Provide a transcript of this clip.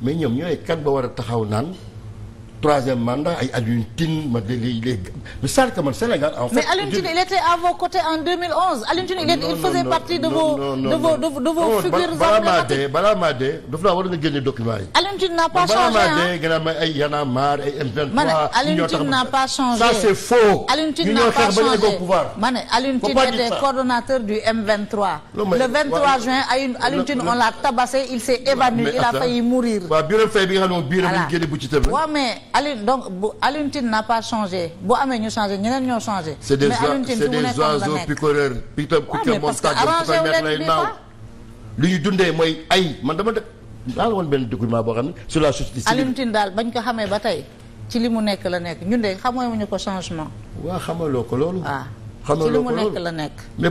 mais ñoom ñooy kan ba war a taxaw naan troisième mandat ay Alioune Tine ma déggee léegi c'est-à-dire que il était à vos côtés en 2011 il faisait partie de vos figures emblématiques balaa maa dee balaa a nga génne document yi. Alioune n'a pas changé balaa maa ay Y'en ay M23. ma ne n'a pas changé c'est faux. Alioune n'a pas changé ma était coordonnateur du M23. le juin Alioune on l'a tabassé il s'est évanoui il a failli mourir. waaw biiram fay bi nga xam ne moom biiram ñu bu Alioune donc bu Alioune Tine n'a pas changé bu amee ñu changé ñeneen ñoo changé. mais Alioune Tine fu mu nekkoon la nekk c'est des oiseaux picoreurs. piquet piquet moom tàggat lay naaw. li ñu dundee mooy ay man dama def daal woon benn document boo xam ne sur la société civile. Alioune Tine daal bañ ko xamee ba tey ci li mu nekk la nekk ñun de xamoo ñu ko changement. waaw xamaloo ko loolu. waaw ah, ci li mu nekk la nekk.